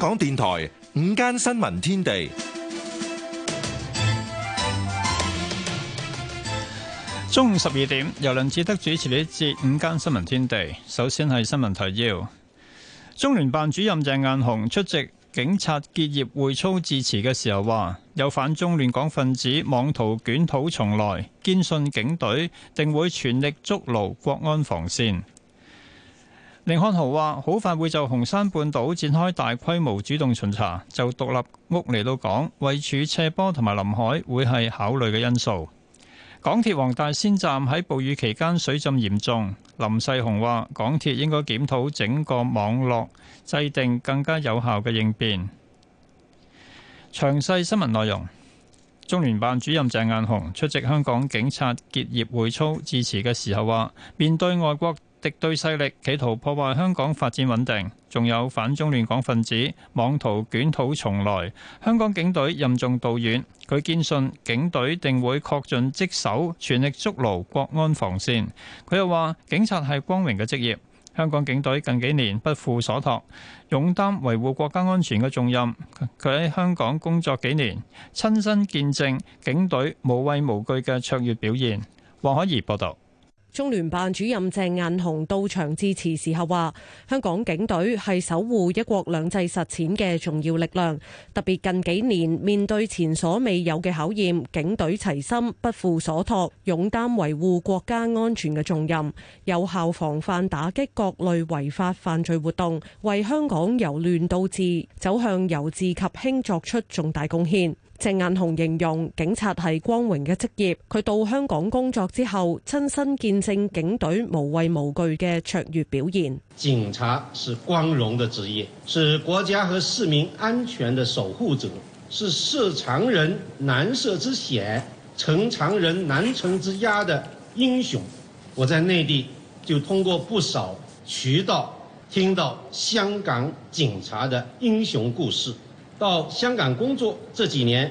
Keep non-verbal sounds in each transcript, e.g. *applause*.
香港電台午間新聞天地，中午十二點，由梁志德主持呢節午間新聞天地。首先係新聞提要：中聯辦主任鄭雁雄出席警察結業會操致辭嘅時候話，有反中亂港分子妄圖捲土重來，堅信警隊定會全力築牢國安防線。寧漢豪話：好快會就紅山半島展開大規模主動巡查，就獨立屋嚟到講，位處斜坡同埋臨海會係考慮嘅因素。港鐵黃大仙站喺暴雨期間水浸嚴重，林世雄話：港鐵應該檢討整個網絡，制定更加有效嘅應變。詳細新聞內容，中聯辦主任鄭雁雄出席香港警察結業會操致辭嘅時候話：面對外國敵對勢力企圖破壞香港發展穩定，仲有反中亂港分子妄圖捲土重來。香港警隊任重道遠，佢堅信警隊定會恪盡職守，全力築牢國安防線。佢又話：警察係光榮嘅職業，香港警隊近幾年不負所託，勇擔維護國家安全嘅重任。佢喺香港工作幾年，親身見證警隊無畏無懼嘅卓越表現。黃海怡報道。中聯辦主任鄭雁雄到場致辭時候話：香港警隊係守護一國兩制實踐嘅重要力量，特別近幾年面對前所未有嘅考驗，警隊齊心，不負所託，勇擔維護國家安全嘅重任，有效防範打擊各類違法犯罪活動，為香港由亂到治走向由治及興作出重大貢獻。鄭雁雄形容警察係光榮嘅職業，佢到香港工作之後，親身見證警隊無畏無懼嘅卓越表現。警察是光榮的職業，是國家和市民安全的守護者，是涉常人難涉之險、成常人難成之壓的英雄。我在內地就通過不少渠道聽到香港警察的英雄故事，到香港工作這幾年。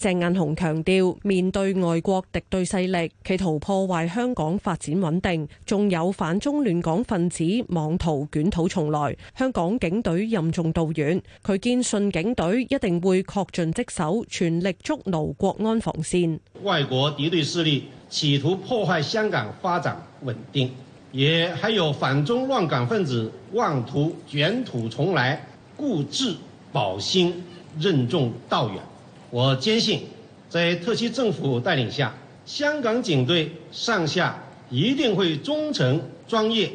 鄭雁雄強調，面對外國敵對勢力企圖破壞香港發展穩定，仲有反中亂港分子妄圖捲土重來，香港警隊任重道遠。佢堅信警隊一定會恪盡職守，全力築牢國安防線。外國敵對勢力企圖破壞香港發展穩定，也還有反中亂港分子妄圖捲土重來，固執保新，任重道遠。我堅信，在特區政府帶領下，香港警隊上下一定會忠誠、專業、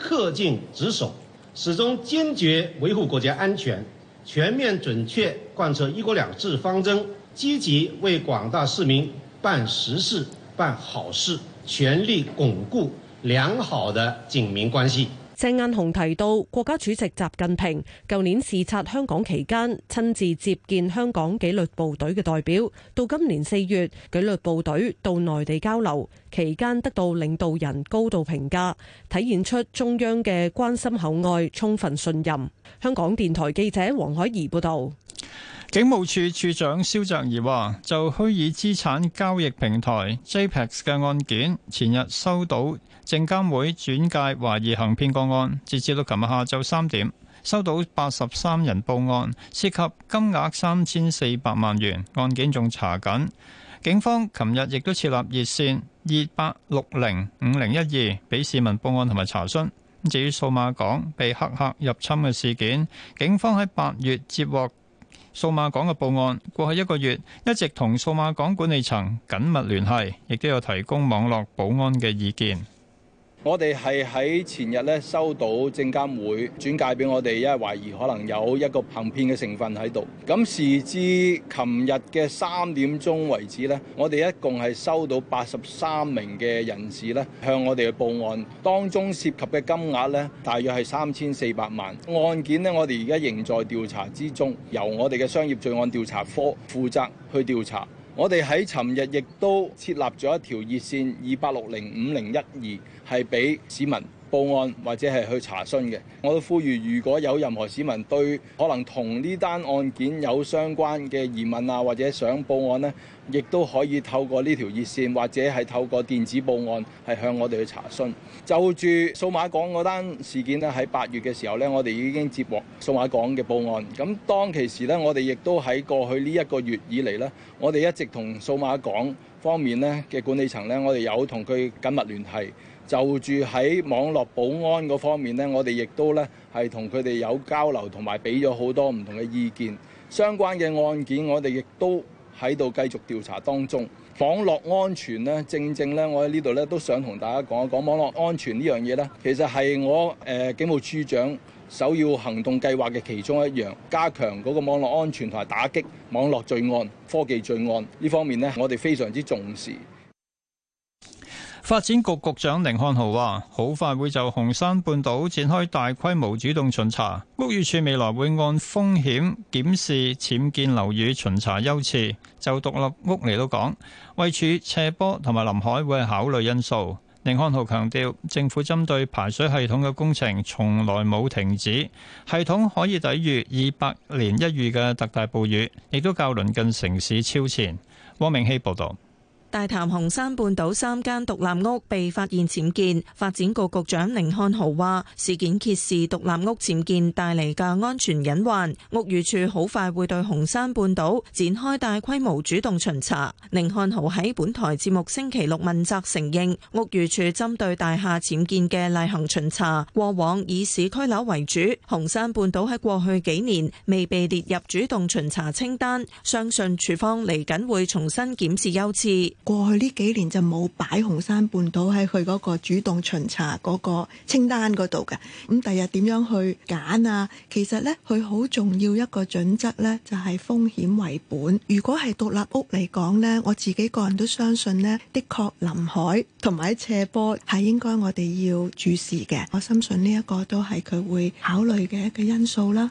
恪盡職守，始終堅決維護國家安全，全面準確貫徹“一國兩制”方針，積極為廣大市民辦實事、辦好事，全力鞏固良好的警民關係。鄭雁雄提到，國家主席習近平舊年視察香港期間，親自接見香港紀律部隊嘅代表，到今年四月，紀律部隊到內地交流期間，得到領導人高度評價，體現出中央嘅關心厚愛、充分信任。香港電台記者黃海怡報道。警務處處長蕭澤頤話，就虛擬資產交易平台 JPEX 嘅案件，前日收到證監會轉介懷疑行騙個案，截至到琴日下晝三點，收到八十三人報案，涉及金額三千四百萬元。案件仲查緊，警方琴日亦都設立熱線二八六零五零一二，俾市民報案同埋查詢。至於數碼港被黑客入侵嘅事件，警方喺八月接獲。數碼港嘅報案，過去一個月一直同數碼港管理層緊密聯繫，亦都有提供網絡保安嘅意見。我哋係喺前日咧收到證監會轉介俾我哋，因為懷疑可能有一個行騙嘅成分喺度。咁時至琴日嘅三點鐘為止呢，我哋一共係收到八十三名嘅人士咧向我哋嘅報案，當中涉及嘅金額呢大約係三千四百萬。案件呢，我哋而家仍在調查之中，由我哋嘅商業罪案調查科負責去調查。我哋喺尋日亦都設立咗一條熱線二八六零五零一二。係俾市民報案或者係去查詢嘅。我都呼籲，如果有任何市民對可能同呢單案件有相關嘅疑問啊，或者想報案呢，亦都可以透過呢條熱線或者係透過電子報案，係向我哋去查詢。就住數碼港嗰單事件呢，喺八月嘅時候呢，我哋已經接獲數碼港嘅報案。咁當其時呢，我哋亦都喺過去呢一個月以嚟呢，我哋一直同數碼港方面呢嘅管理層呢，我哋有同佢緊密聯繫。就住喺網絡保安嗰方面呢，我哋亦都呢係同佢哋有交流，同埋俾咗好多唔同嘅意見。相關嘅案件，我哋亦都喺度繼續調查當中。網絡安全呢，正正呢，我喺呢度呢都想同大家講一講網絡安全呢樣嘢呢，其實係我誒警務處長首要行動計劃嘅其中一樣，加強嗰個網絡安全同埋打擊網絡罪案、科技罪案呢方面呢，我哋非常之重視。發展局局長寧漢豪話：好快會就紅山半島展開大規模主動巡查。屋宇署未來會按風險檢視僭建樓宇巡查優次。就獨立屋嚟到講，位處斜坡同埋臨海會係考慮因素。寧漢豪強調，政府針對排水系統嘅工程從來冇停止，系統可以抵禦二百年一遇嘅特大暴雨，亦都較鄰近城市超前。汪明希報道。大潭紅山半島三間獨立屋被發現僭建，發展局局長寧漢豪話：事件揭示獨立屋僭建帶嚟嘅安全隱患，屋宇處好快會對紅山半島展開大規模主動巡查。寧漢豪喺本台節目星期六問責，承認屋宇處針對大廈僭建嘅例行巡查過往以市區樓為主，紅山半島喺過去幾年未被列入主動巡查清單，相信處方嚟緊會重新檢視優次。過去呢幾年就冇擺紅山半島喺佢嗰個主動巡查嗰個清單嗰度嘅，咁第日點樣去揀啊？其實呢，佢好重要一個準則呢，就係風險為本。如果係獨立屋嚟講呢，我自己個人都相信呢，的確臨海同埋斜坡係應該我哋要注視嘅。我深信呢一個都係佢會考慮嘅一個因素啦。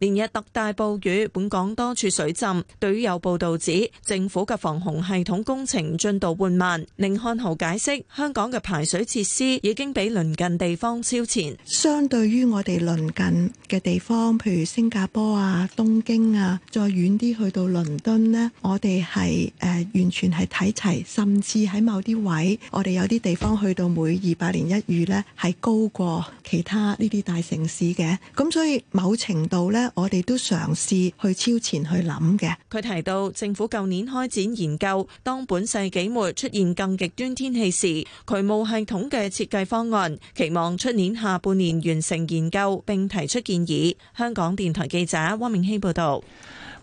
連日特大暴雨，本港多處水浸。對於有報道指政府嘅防洪系統工程進度緩慢，寧漢豪解釋：香港嘅排水設施已經比鄰近地方超前。相對於我哋鄰近嘅地方，譬如新加坡啊、東京啊，再遠啲去到倫敦呢，我哋係誒完全係睇齊，甚至喺某啲位，我哋有啲地方去到每二百年一遇呢，係高過其他呢啲大城市嘅。咁所以某程度呢。我哋都嘗試去超前去諗嘅。佢提到，政府舊年開展研究，當本世紀末出現更極端天氣時，渠務系統嘅設計方案，期望出年下半年完成研究，並提出建議。香港電台記者汪明希報道。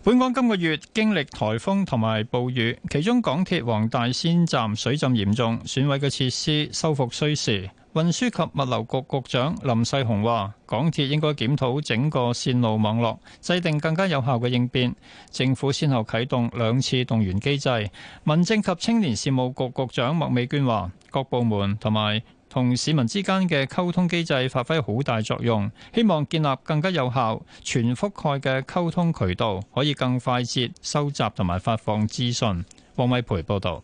本港今個月經歷颱風同埋暴雨，其中港鐵黃大仙站水浸嚴重，損毀嘅設施修復需時。運輸及物流局局長林世雄話：港鐵應該檢討整個線路網絡，制定更加有效嘅應變。政府先後啟動兩次動員機制。民政及青年事務局局長麥美娟話：各部門同埋同市民之間嘅溝通機制發揮好大作用，希望建立更加有效、全覆蓋嘅溝通渠道，可以更快捷收集同埋發放資訊。王偉培報道。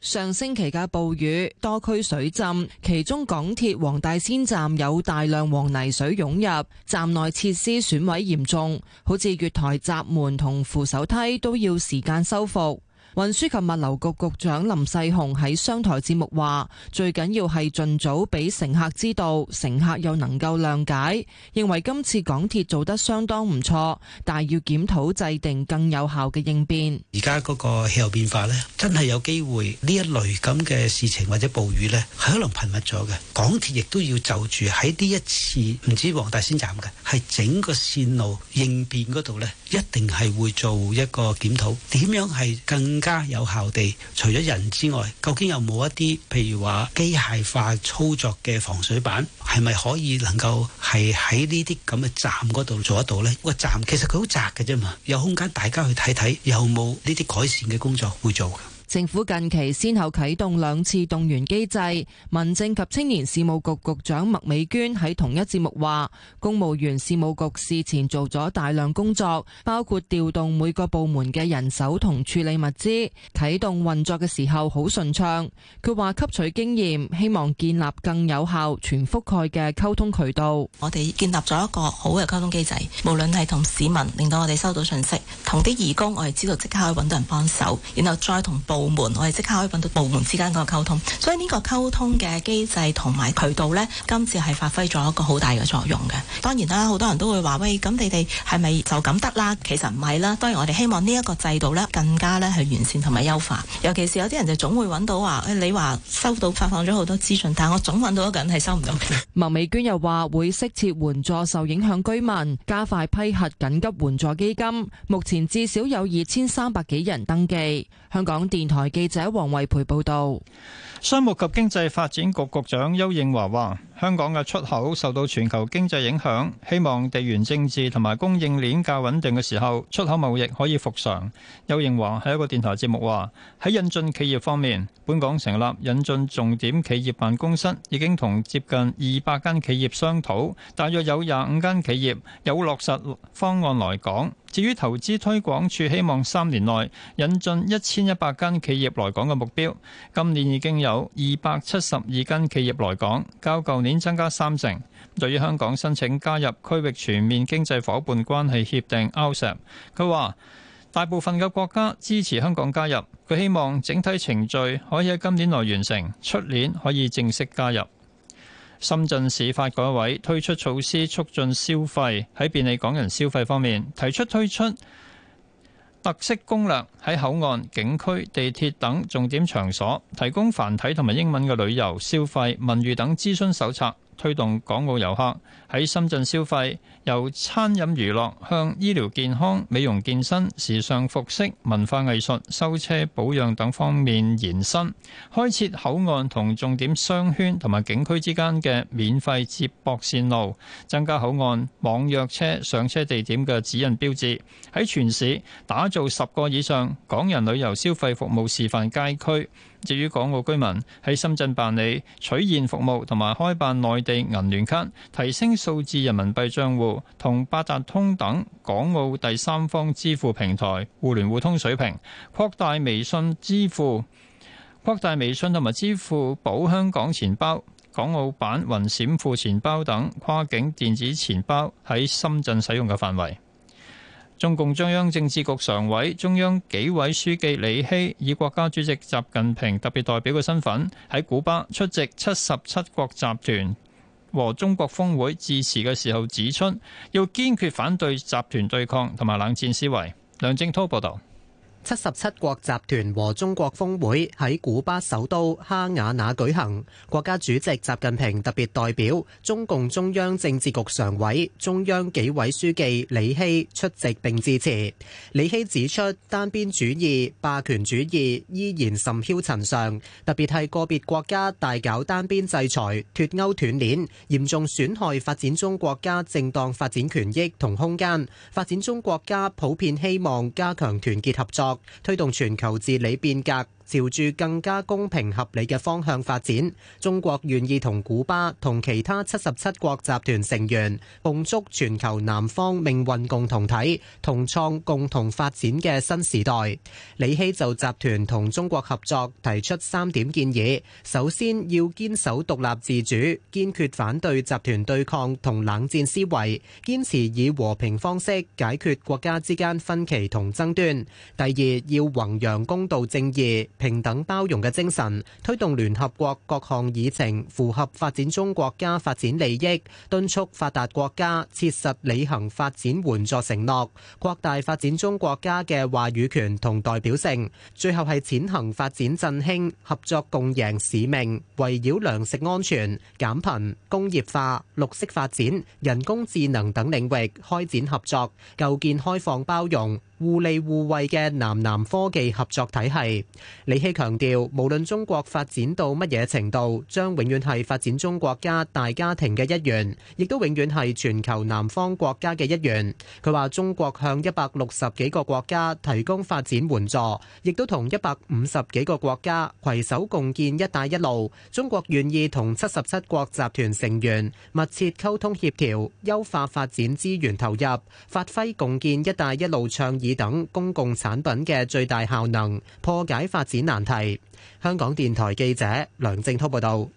上星期嘅暴雨，多區水浸，其中港鐵黃大仙站有大量黃泥水湧入，站內設施損毀嚴重，好似月台閘門同扶手梯都要時間修復。運輸及物流局局長林世雄喺商台節目話，最緊要係盡早俾乘客知道，乘客又能夠諒解，認為今次港鐵做得相當唔錯，但係要檢討制定更有效嘅應變。而家嗰個氣候變化呢，真係有機會呢一類咁嘅事情或者暴雨呢，係可能頻密咗嘅。港鐵亦都要就住喺呢一次唔止黃大仙站嘅，係整個綫路應變嗰度呢，一定係會做一個檢討，點樣係更加有效地，除咗人之外，究竟有冇一啲譬如話機械化操作嘅防水板，係咪可以能夠係喺呢啲咁嘅站嗰度做得到咧？個站其實佢好窄嘅啫嘛，有空間大家去睇睇，有冇呢啲改善嘅工作會做的。政府近期先後啟動兩次動員機制，民政及青年事務局局、局長麥美娟喺同一節目話，公務員事務局事前做咗大量工作，包括調動每個部門嘅人手同處理物資，啟動運作嘅時候好順暢。佢話吸取經驗，希望建立更有效、全覆蓋嘅溝通渠道。我哋建立咗一個好嘅溝通機制，無論係同市民令到我哋收到信息，同啲義工我哋知道即刻可以搵到人幫手，然後再同部門，我哋即刻可以揾到部門之間嗰個溝通，所以呢個溝通嘅機制同埋渠道咧，今次係發揮咗一個好大嘅作用嘅。當然啦，好多人都會話：喂，咁你哋係咪就咁得啦？其實唔係啦。當然，我哋希望呢一個制度咧，更加咧去完善同埋優化。尤其是有啲人就總會揾到話：誒、哎，你話收到發放咗好多資訊，但係我總揾到一個人係收唔到。麥美娟又話會適切援助受影響居民，加快批核緊急援助基金。目前至少有二千三百幾人登記。香港電台記者黃惠培報道。商務及經濟發展局局長邱應華話：香港嘅出口受到全球經濟影響，希望地緣政治同埋供應鏈較穩定嘅時候，出口貿易可以復常。邱應華喺一個電台節目話：喺引進企業方面，本港成立引進重點企業辦公室，已經同接近二百間企業商討，大約有廿五間企業有落實方案來港。至於投資推廣處希望三年內引進一千一百間企業來港嘅目標，今年已經有二百七十二間企業來港，較舊年增加三成。對於香港申請加入區域全面經濟夥伴關係協定 o c e p 佢話大部分嘅國家支持香港加入，佢希望整體程序可以喺今年內完成，出年可以正式加入。深圳市發改委推出措施促進消費，喺便利港人消費方面，提出推出。特色攻略，喺口岸、景區、地鐵等重點場所，提供繁體同埋英文嘅旅遊、消費、文娛等諮詢手冊。推動港澳遊客喺深圳消費，由餐飲娛樂向醫療健康、美容健身、時尚服飾、文化藝術、修車保養等方面延伸。開設口岸同重點商圈同埋景區之間嘅免費接駁線路，增加口岸網約車上車地點嘅指引標誌。喺全市打造十個以上港人旅遊消費服務示範街區。至於港澳居民喺深圳辦理取現服務，同埋開辦內地銀聯卡、提升數字人民幣賬戶同八達通等港澳第三方支付平台互聯互通水平，擴大微信支付、擴大微信同埋支付寶香港錢包、港澳版雲閃付錢包等跨境電子錢包喺深圳使用嘅範圍。中共中央政治局常委、中央紀委書記李希以國家主席習近平特別代表嘅身份喺古巴出席七十七國集團和中國峰會致辭嘅時候指出，要堅決反對集團對抗同埋冷戰思維。梁正濤報道。七十七國集團和中國峰會喺古巴首都哈瓦那舉行，國家主席習近平特別代表中共中央政治局常委、中央紀委書記李希出席並致辭。李希指出，單邊主義、霸權主義依然甚囂塵上，特別係個別國家大搞單邊制裁、脫鉤斷鏈，嚴重損害發展中國家正當發展權益同空間。發展中國家普遍希望加強團結合作。推動全球治理變革，朝住更加公平合理嘅方向發展，中國願意同古巴同其他七十七國集團成員共築全球南方命運共同體，同創共同發展嘅新時代。李希就集團同中國合作提出三點建議：首先，要堅守獨立自主，堅決反對集團對抗同冷戰思維，堅持以和平方式解決國家之間分歧同爭端；第二，要弘揚公道正義。平等包容嘅精神，推動聯合國各項議程，符合發展中國家發展利益，敦促發達國家切實履行發展援助承諾，擴大發展中國家嘅話語權同代表性。最後係踐行發展振興、合作共贏使命，圍繞糧食安全、減貧、工業化、綠色發展、人工智能等領域開展合作，構建開放包容。互利互惠嘅南南科技合作體系。李希強調，無論中國發展到乜嘢程度，將永遠係發展中國家大家庭嘅一員，亦都永遠係全球南方國家嘅一員。佢話：中國向一百六十幾個國家提供發展援助，亦都同一百五十幾個國家攜手共建「一帶一路」。中國願意同七十七國集團成員密切溝通協調，優化發展資源投入，發揮共建「一帶一路」倡議。等公共產品嘅最大效能，破解發展難題。香港電台記者梁正濤報道。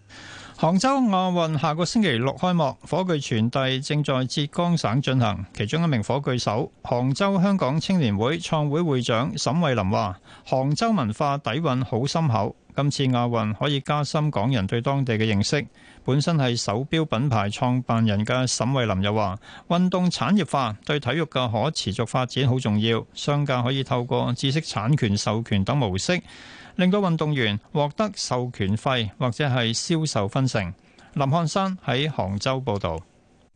杭州亞運下個星期六開幕，火炬傳遞正在浙江省進行。其中一名火炬手、杭州香港青年會創會會長沈慧琳話：杭州文化底藴好深厚。今次亞運可以加深港人對當地嘅認識。本身係手錶品牌創辦人嘅沈慧林又話：運動產業化對體育嘅可持續發展好重要。商家可以透過知識產權授權等模式，令到運動員獲得授權費或者係銷售分成。林漢山喺杭州報導。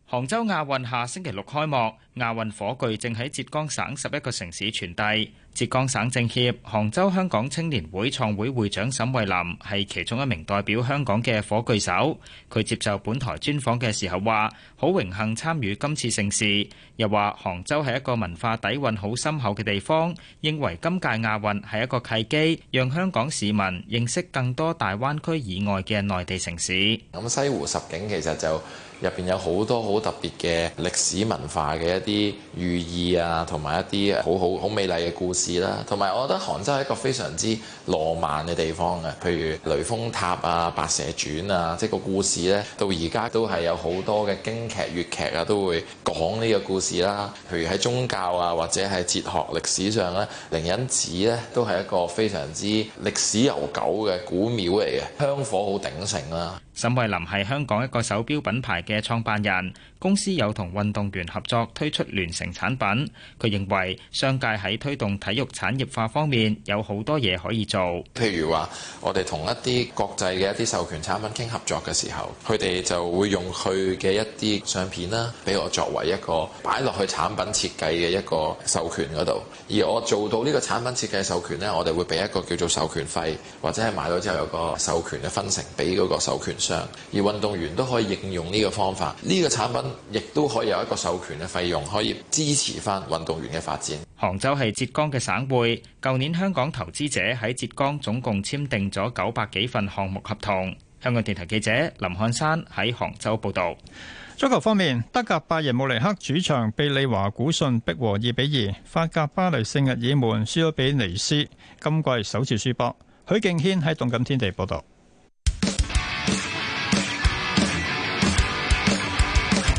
杭州亞運下星期六開幕。亞運火炬正喺浙江省十一個城市傳遞。浙江省政協、杭州香港青年會創會會長沈慧林係其中一名代表香港嘅火炬手。佢接受本台專訪嘅時候話好榮幸參與今次盛事，又話杭州係一個文化底蘊好深厚嘅地方，認為今屆亞運係一個契機，讓香港市民認識更多大灣區以外嘅內地城市。咁西湖十景其實就入邊有好多好特別嘅歷史文化嘅，啲寓意啊，同埋一啲好好好美麗嘅故事啦、啊，同埋我覺得杭州係一個非常之浪漫嘅地方啊，譬如雷峰塔啊、白蛇傳啊，即係個故事咧，到而家都係有好多嘅京劇、粵劇啊，都會講呢個故事啦、啊。譬如喺宗教啊，或者係哲學、歷史上咧，靈隱寺咧都係一個非常之歷史悠久嘅古廟嚟嘅，香火好鼎盛啦、啊。沈慧林係香港一個手錶品牌嘅創辦人，公司有同運動員合作推出聯乘產品。佢認為商界喺推動體育產業化方面有好多嘢可以做，譬如話我哋同一啲國際嘅一啲授權產品傾合作嘅時候，佢哋就會用佢嘅一啲相片啦，俾我作為一個擺落去產品設計嘅一個授權嗰度。而我做到呢個產品設計嘅授權呢，我哋會俾一個叫做授權費，或者係買到之後有個授權嘅分成俾嗰個授權。而運動員都可以應用呢個方法，呢個產品亦都可以有一個授權嘅費用，可以支持翻運動員嘅發展。杭州係浙江嘅省會，舊年香港投資者喺浙江總共簽訂咗九百幾份項目合同。香港電台記者林漢山喺杭州報道。足球方面，德甲拜仁慕尼黑主場被利華古遜逼和二比二，法甲巴黎聖日耳門輸咗俾尼斯，今季首次輸波。許敬軒喺動感天地報道。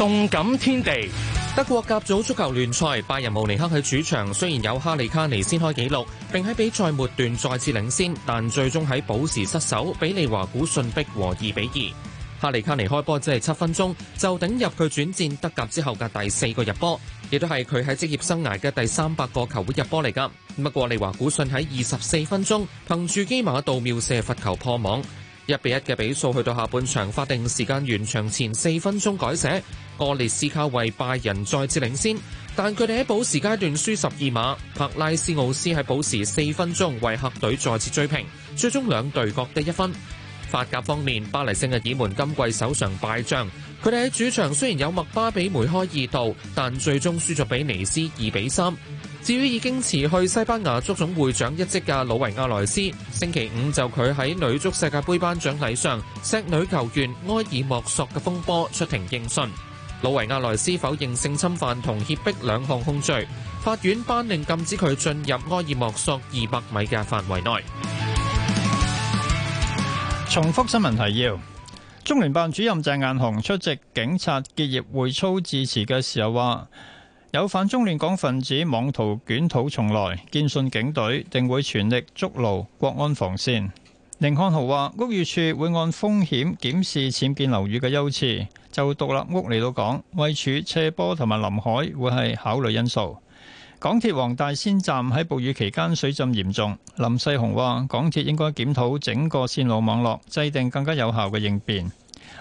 動感天地，德國甲組足球聯賽，拜仁慕尼克喺主場雖然有哈利卡尼先開紀錄，並喺比賽末段再次領先，但最終喺補時失守，畀利華古遜逼和二比二。哈利卡尼開波只係七分鐘就頂入佢轉戰德甲之後嘅第四個入波，亦都係佢喺職業生涯嘅第三百個球會入波嚟㗎。不過利華古遜喺二十四分鐘憑住基馬度妙射罰球破網。一比一嘅比數去到下半場法定時間完場前四分鐘改寫，哥列斯卡為拜仁再次領先，但佢哋喺補時階段輸十二碼。柏拉斯奧斯喺補時四分鐘為客隊再次追平，最終兩隊各得一分。法甲方面，巴黎聖日耳門今季首場敗仗，佢哋喺主場雖然有麥巴比梅開二度，但最終輸咗畀尼斯二比三。至於已經辭去西班牙足總會長一職嘅魯維亞萊斯，星期五就佢喺女足世界盃頒獎禮上，錫女球員埃爾莫索嘅風波出庭應訊。魯維亞萊斯否認性侵犯同脅迫兩項控罪，法院頒令禁止佢進入埃爾莫索二百米嘅範圍內。重複新聞提要：中聯辦主任鄭雁雄出席警察結業會操致辭嘅時候話。有反中亂港分子妄圖捲土重來，堅信警隊定會全力築牢國安防線。寧漢豪話：屋宇署會按風險檢視僭建樓宇嘅優次，就獨立屋嚟到講，位處斜坡同埋臨海會係考慮因素。港鐵黃大仙站喺暴雨期間水浸嚴重，林世雄話：港鐵應該檢討整個線路網絡，制定更加有效嘅應變。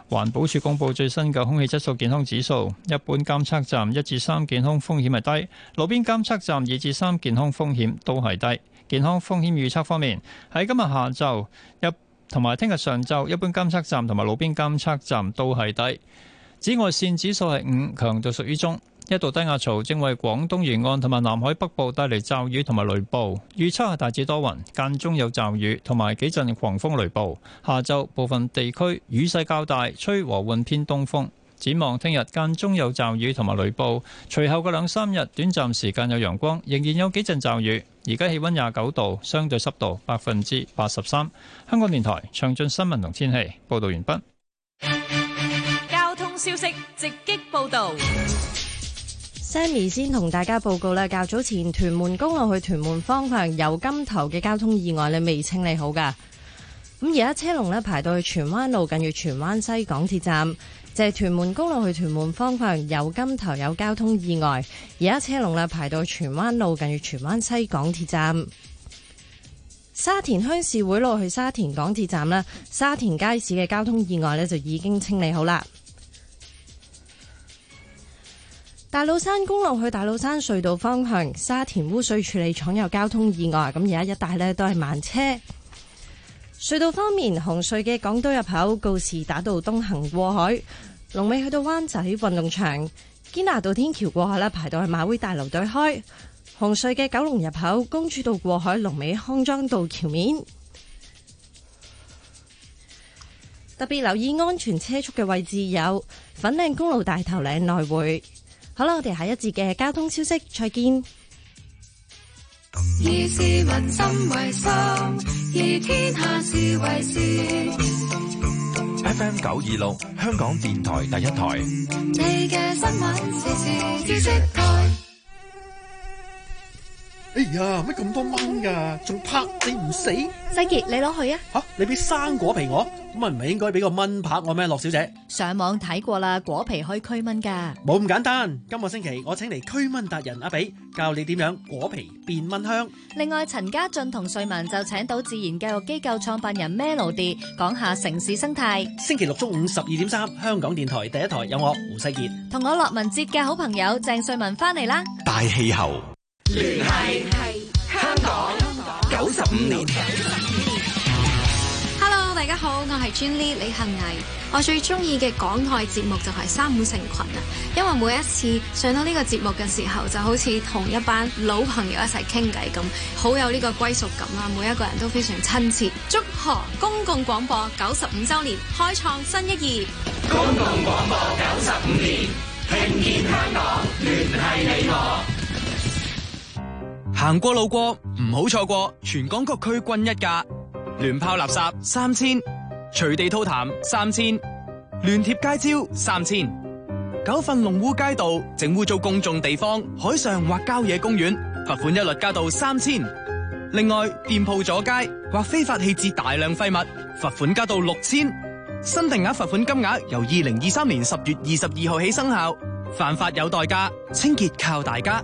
環保署公布最新嘅空氣質素健康指數，一般監測站一至三健康風險係低，路邊監測站二至三健康風險都係低。健康風險預測方面，喺今日下晝一，同埋聽日上晝，一般監測站同埋路邊監測站都係低。紫外線指數係五，強度屬於中。一度低壓槽正為廣東沿岸同埋南海北部帶嚟驟雨同埋雷暴，預測係大致多雲，間中有驟雨同埋幾陣狂風雷暴。下晝部分地區雨勢較大，吹和緩偏東風。展望聽日間中有驟雨同埋雷暴，隨後嘅兩三日短暫時間有陽光，仍然有幾陣驟雨。而家氣溫廿九度，相對濕度百分之八十三。香港電台詳盡新聞同天氣報道完畢。交通消息直擊報道。Sammy 先同大家報告咧，較早前屯門公路去屯門方向油柑頭嘅交通意外你未清理好噶，咁而家車龍排到去荃灣路近住荃灣西港鐵站，就係、是、屯門公路去屯門方向油柑頭有交通意外，而家車龍排到去荃灣路近住荃灣西港鐵站，沙田鄉事會路去沙田港鐵站啦，沙田街市嘅交通意外就已經清理好啦。大老山公路去大老山隧道方向，沙田污水處理廠有交通意外，咁而家一帶呢都係慢車。隧道方面，紅隧嘅港島入口告士打道東行過海，龍尾去到灣仔運動場堅拿道天橋過海咧，排到去馬會大樓對開。紅隧嘅九龍入口公主道過海，龍尾康莊道橋面。特別留意安全車速嘅位置有粉嶺公路大頭嶺內會。好啦，我哋下一節嘅交通消息，再見。以市民心為心，以天下事為事。 *music* FM 九二六，香港電台第一台。你嘅新聞，時時知識台。哎呀，乜咁多蚊噶，仲拍你唔死？世杰，你攞去啊！吓，你俾生果皮我，咁係唔係應該俾個蚊拍我咩？駱小姐，上網睇過啦，果皮可以驅蚊噶，冇咁簡單。今個星期我請嚟驅蚊達人阿比，教你點樣果皮變蚊香。另外，陳家俊同瑞文就請到自然教育機構創辦人 Melody 講下城市生態。星期六中午十二點三，香港電台第一台有我胡世杰，同我駱文捷嘅好朋友鄭瑞文翻嚟啦。大氣候。聯繫香港九十五年。Hello，大家好，我係 Jenny 李杏毅。我最中意嘅港台節目就係、是、三五成群啊，因為每一次上到呢個節目嘅時候，就好似同一班老朋友一齊傾偈咁，好有呢個歸屬感啊。每一個人都非常親切。祝賀公共廣播九十五周年，開創新一頁。公共廣播九十五年，聽見香港，聯繫你我。行過路過唔好錯過，全港各區均一價，亂拋垃圾三千，隨地吐痰三千，亂貼街招三千，狗糞弄污街道整污糟公眾地方，海上或郊野公園罰款一律加到三千。另外，店鋪阻街或非法棄置大量廢物，罰款加到六千。新定額罰款金額由二零二三年十月二十二號起生效。犯法有代價，清潔靠大家。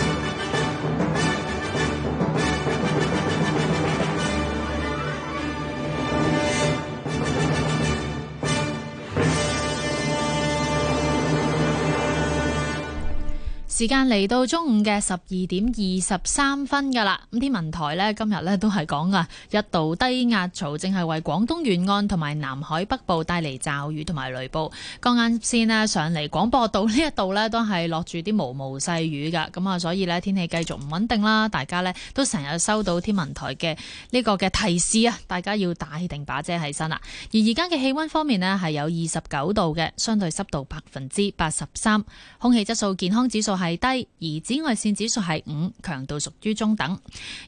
時間嚟到中午嘅十二點二十三分噶啦，咁天文台呢，今日呢都係講啊，一道低壓槽正係為廣東沿岸同埋南海北部帶嚟驟雨同埋雷暴。剛啱先呢，上嚟廣播道呢一道呢，都係落住啲毛毛細雨噶，咁啊所以呢，天氣繼續唔穩定啦，大家呢都成日收到天文台嘅呢個嘅提示啊，大家要打氣定把遮起身啦。而而家嘅氣溫方面呢，係有二十九度嘅，相對濕度百分之八十三，空氣質素健康指數係，係低，而紫外線指數係五，強度屬於中等。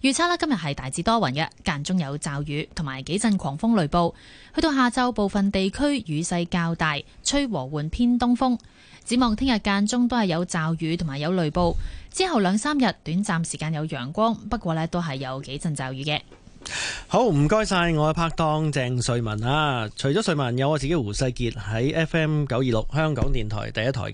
預測呢，今日係大致多雲嘅，間中有驟雨同埋幾陣狂風雷暴。去到下晝，部分地區雨勢較大，吹和緩偏東風。展望聽日間中都係有驟雨同埋有雷暴。之後兩三日短暫時間有陽光，不過呢都係有幾陣驟雨嘅。好，唔該晒我嘅拍檔鄭瑞文啊。除咗瑞文，有我自己胡世傑喺 FM 九二六香港電台第一台。